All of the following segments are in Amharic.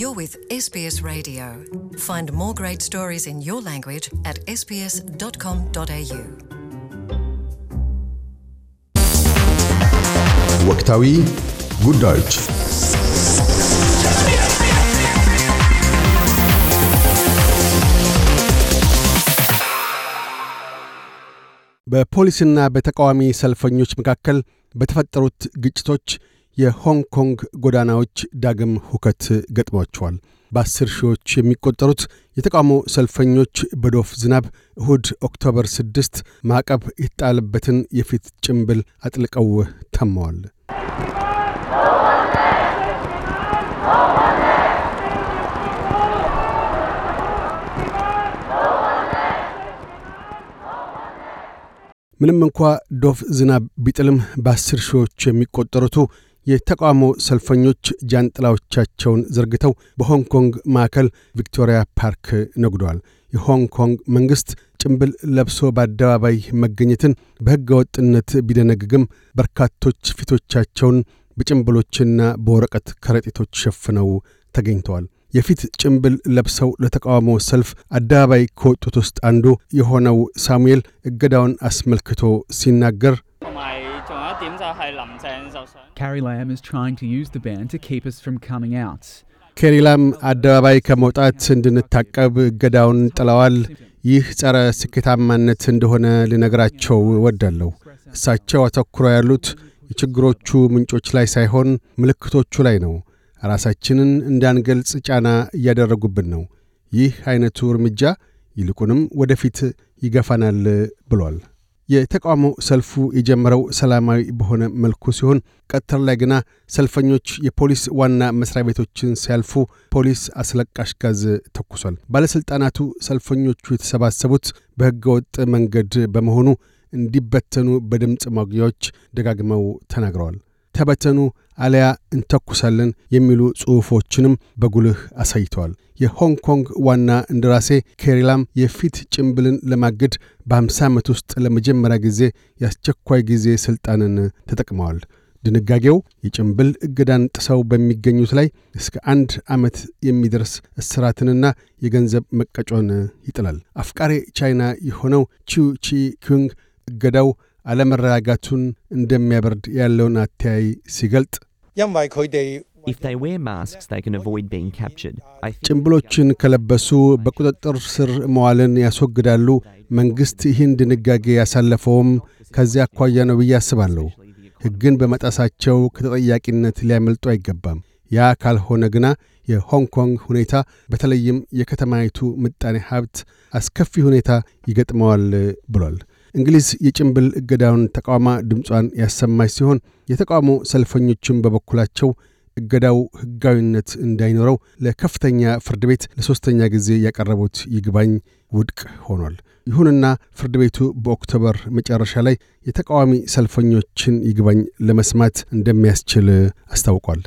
You're with SBS Radio. Find more great stories in your language at sbs.com.au. ወቅታዊ ጉዳዮች በፖሊስና በተቃዋሚ ሰልፈኞች መካከል በተፈጠሩት ግጭቶች የሆንግ ኮንግ ጎዳናዎች ዳግም ሁከት ገጥሟቸዋል። በአስር ሺዎች የሚቆጠሩት የተቃውሞ ሰልፈኞች በዶፍ ዝናብ እሁድ ኦክቶበር 6 ማዕቀብ የተጣለበትን የፊት ጭንብል አጥልቀው ተመዋል። ምንም እንኳ ዶፍ ዝናብ ቢጥልም በአስር ሺዎች የሚቆጠሩቱ የተቃውሞ ሰልፈኞች ጃንጥላዎቻቸውን ዘርግተው በሆንግ ኮንግ ማዕከል ቪክቶሪያ ፓርክ ነጉደዋል። የሆንግ ኮንግ መንግሥት ጭምብል ለብሶ በአደባባይ መገኘትን በሕገ ወጥነት ቢደነግግም በርካቶች ፊቶቻቸውን በጭምብሎችና በወረቀት ከረጢቶች ሸፍነው ተገኝተዋል። የፊት ጭምብል ለብሰው ለተቃውሞ ሰልፍ አደባባይ ከወጡት ውስጥ አንዱ የሆነው ሳሙኤል እገዳውን አስመልክቶ ሲናገር Carrie Lam is trying to use the ban to keep us from coming out. ኬሪ ላም አደባባይ ከመውጣት እንድንታቀብ እገዳውን ጥለዋል። ይህ ጸረ ስኬታማነት እንደሆነ ልነግራቸው እወዳለሁ። እሳቸው አተኩረው ያሉት የችግሮቹ ምንጮች ላይ ሳይሆን ምልክቶቹ ላይ ነው። ራሳችንን እንዳንገልጽ ጫና እያደረጉብን ነው። ይህ አይነቱ እርምጃ ይልቁንም ወደፊት ይገፋናል ብሏል። የተቃውሞ ሰልፉ የጀመረው ሰላማዊ በሆነ መልኩ ሲሆን ቀትር ላይ ግና ሰልፈኞች የፖሊስ ዋና መስሪያ ቤቶችን ሲያልፉ ፖሊስ አስለቃሽ ጋዝ ተኩሷል። ባለሥልጣናቱ ሰልፈኞቹ የተሰባሰቡት በሕገ ወጥ መንገድ በመሆኑ እንዲበተኑ በድምፅ ማጉያዎች ደጋግመው ተናግረዋል። ተበተኑ፣ አሊያ እንተኩሳለን የሚሉ ጽሑፎችንም በጉልህ አሳይተዋል። የሆንግ ኮንግ ዋና እንደራሴ ኬሪላም የፊት ጭንብልን ለማገድ በ50 ዓመት ውስጥ ለመጀመሪያ ጊዜ የአስቸኳይ ጊዜ ሥልጣንን ተጠቅመዋል። ድንጋጌው የጭምብል እገዳን ጥሰው በሚገኙት ላይ እስከ አንድ ዓመት የሚደርስ እስራትንና የገንዘብ መቀጮን ይጥላል። አፍቃሪ ቻይና የሆነው ቺው ቺ ኪንግ እገዳው አለመረጋጋቱን እንደሚያበርድ ያለውን አተያይ ሲገልጥ ጭንብሎችን ከለበሱ በቁጥጥር ስር መዋልን ያስወግዳሉ። መንግሥት ይህን ድንጋጌ ያሳለፈውም ከዚያ አኳያ ነው ብዬ አስባለሁ። ሕግን በመጣሳቸው ከተጠያቂነት ሊያመልጡ አይገባም። ያ ካልሆነ ግና የሆንግ ኮንግ ሁኔታ በተለይም የከተማይቱ ምጣኔ ሀብት አስከፊ ሁኔታ ይገጥመዋል ብሏል። እንግሊዝ የጭንብል እገዳውን ተቃውማ ድምጿን ያሰማች ሲሆን የተቃውሞ ሰልፈኞችም በበኩላቸው እገዳው ሕጋዊነት እንዳይኖረው ለከፍተኛ ፍርድ ቤት ለሦስተኛ ጊዜ ያቀረቡት ይግባኝ ውድቅ ሆኗል። ይሁንና ፍርድ ቤቱ በኦክቶበር መጨረሻ ላይ የተቃዋሚ ሰልፈኞችን ይግባኝ ለመስማት እንደሚያስችል አስታውቋል።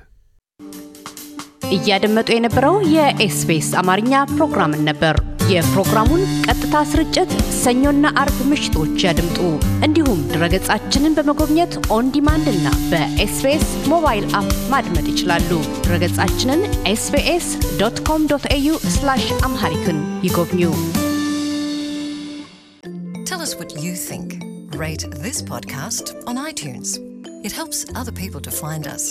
እያደመጡ የነበረው የኤስፔስ አማርኛ ፕሮግራምን ነበር። የፕሮግራሙን ቀጥታ ስርጭት ሰኞና አርብ ምሽቶች ያድምጡ። እንዲሁም ድረገጻችንን በመጎብኘት ኦን ዲማንድ እና በኤስቤስ ሞባይል አፕ ማድመጥ ይችላሉ። ድረገጻችንን ኤስቤስ ዶት ኮም ዶት ኤዩ አምሃሪክን ይጎብኙ። Tell us what you think. Rate this podcast on iTunes. It helps other people to find us.